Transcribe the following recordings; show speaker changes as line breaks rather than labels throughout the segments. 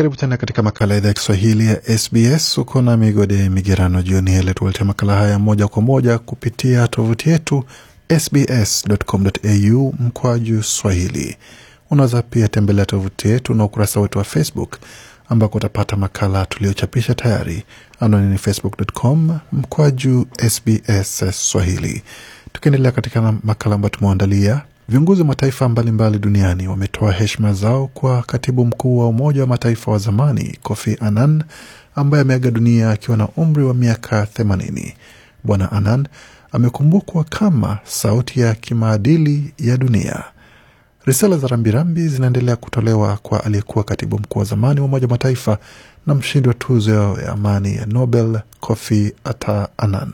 Karibu tena katika makala ya idhaa ya Kiswahili ya SBS. Uko na Migode Migerano jioni hele, letuletea makala haya moja kwa moja kupitia tovuti yetu sbs.com.au mkwaju swahili. Unaweza pia tembelea tovuti yetu na ukurasa wetu wa Facebook ambako utapata makala tuliochapisha tayari. Anwani ni facebook.com mkwaju sbs swahili. Tukiendelea katika makala ambayo tumeandalia Viongozi wa mataifa mbalimbali duniani wametoa heshima zao kwa katibu mkuu wa Umoja wa Mataifa wa zamani Kofi Annan ambaye ameaga dunia akiwa na umri wa miaka 80. Bwana Annan amekumbukwa kama sauti ya kimaadili ya dunia. Risala za rambirambi zinaendelea kutolewa kwa aliyekuwa katibu mkuu wa zamani wa Umoja wa Mataifa na mshindi wa tuzo ya amani ya Nobel Kofi Atta Annan.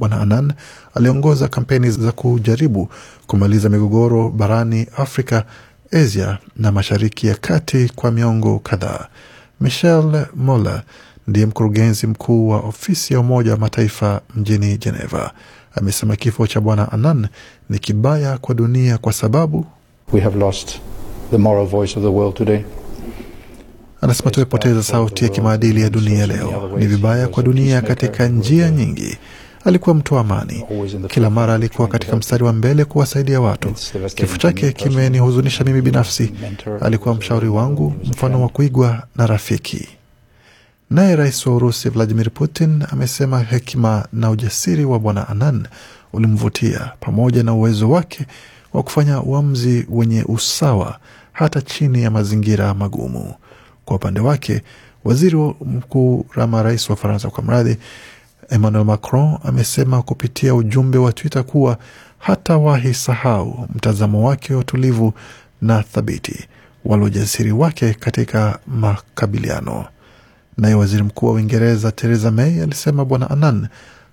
Bwana Anan aliongoza kampeni za kujaribu kumaliza migogoro barani Afrika, Asia na Mashariki ya Kati kwa miongo kadhaa. Michel Moller ndiye mkurugenzi mkuu wa ofisi ya Umoja wa Mataifa mjini Geneva. Amesema kifo cha Bwana anan ni kibaya kwa dunia kwa sababu We have lost the moral voice of the world today. Anasema tumepoteza sauti ya kimaadili ya dunia leo. Ni vibaya kwa dunia katika njia nyingi. Alikuwa mtu wa amani, kila mara alikuwa katika mstari wa mbele kuwasaidia watu. Kifo chake kimenihuzunisha mimi binafsi. Alikuwa mshauri wangu, mfano wa kuigwa na rafiki. Naye rais wa Urusi Vladimir Putin amesema hekima na ujasiri wa Bwana anan ulimvutia pamoja na uwezo wake wa kufanya uamuzi wenye usawa hata chini ya mazingira magumu. Kwa upande wake, waziri mkuu Rama, rais wa Faransa kwa mradhi Emmanuel Macron amesema kupitia ujumbe wa Twitter kuwa hatawahi sahau mtazamo wake wa utulivu na thabiti wala ujasiri wake katika makabiliano. Naye waziri mkuu wa Uingereza Theresa May alisema Bwana Anan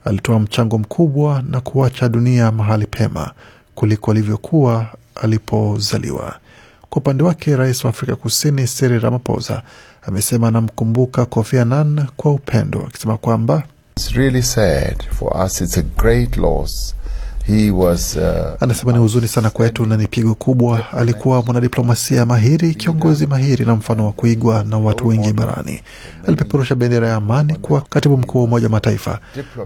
alitoa mchango mkubwa na kuacha dunia mahali pema kuliko alivyokuwa alipozaliwa. Kwa upande wake, rais wa Afrika Kusini Cyril Ramaphosa amesema anamkumbuka Kofi Annan kwa upendo, akisema kwamba It's really sad for us. It's a great loss. He was, uh, anasema ni huzuni sana kwetu na ni pigo kubwa. Alikuwa mwanadiplomasia mahiri, kiongozi mahiri na mfano wa kuigwa na watu wengi barani. Alipeperusha bendera ya amani kwa katibu mkuu wa Umoja wa Mataifa,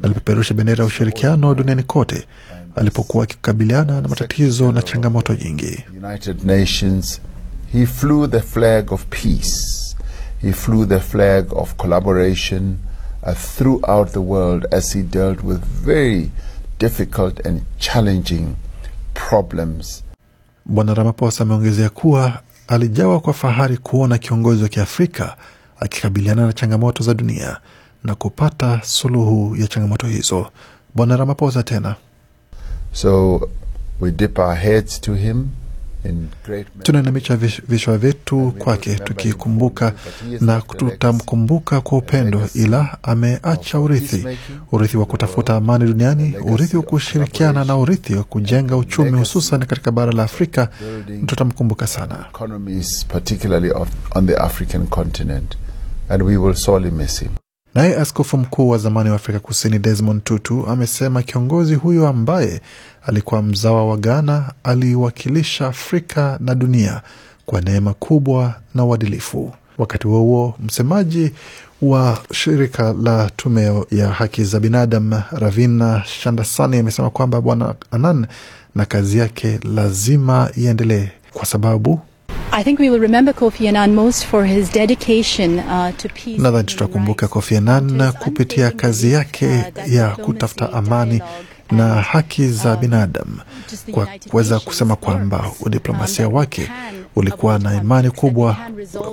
alipeperusha bendera ya ushirikiano duniani kote alipokuwa akikabiliana na matatizo na changamoto nyingi. United Nations, he flew the flag of peace. He flew the flag of collaboration uh, throughout the world as he dealt with very difficult and challenging problems. Bwana Ramaphosa ameongezea kuwa alijawa kwa fahari kuona kiongozi wa Kiafrika akikabiliana na changamoto za dunia na kupata suluhu ya changamoto hizo. Bwana Ramaphosa tena. So we dip our heads to him Tunainamisha vichwa vyetu kwake tukikumbuka, na tutamkumbuka kwa upendo, ila ameacha urithi, urithi wa kutafuta amani duniani, urithi wa kushirikiana na urithi wa kujenga uchumi, hususan katika bara la Afrika. Tutamkumbuka sana. And we will sorely miss him. Naye askofu mkuu wa zamani wa Afrika Kusini Desmond Tutu amesema kiongozi huyo ambaye alikuwa mzawa wa Ghana aliwakilisha Afrika na dunia kwa neema kubwa na uadilifu. Wakati huo huo, msemaji wa shirika la tume ya haki za binadam Ravina Shandasani amesema kwamba Bwana Anan na kazi yake lazima iendelee kwa sababu Nadhani tutakumbuka Kofi Annan uh, kupitia kazi yake uh, ya kutafuta amani na haki za um, binadamu kwa kuweza kusema kwamba udiplomasia wake ulikuwa na imani kubwa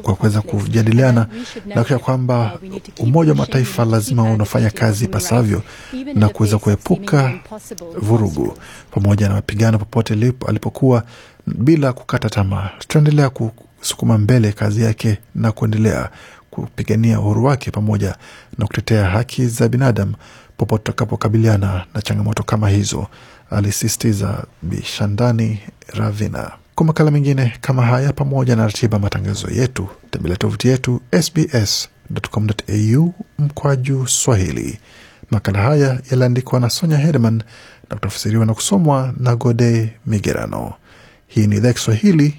kwa kuweza kujadiliana na kusha kwamba Umoja wa Mataifa lazima unafanya kazi ipasavyo na kuweza kuepuka vurugu pamoja na mapigano popote alipokuwa bila kukata tamaa. Tutaendelea ku kusukuma mbele kazi yake na kuendelea kupigania uhuru wake pamoja na kutetea haki za binadamu popote utakapokabiliana na changamoto kama hizo, alisisitiza Bishandani Ravina. Kwa makala mengine kama haya pamoja na ratiba matangazo yetu, tembelea tovuti yetu sbs.com.au mkwaju Swahili. Makala haya yaliandikwa na Sonya Hedman na kutafsiriwa na kusomwa na Gode Migerano. Hii ni idhaa Kiswahili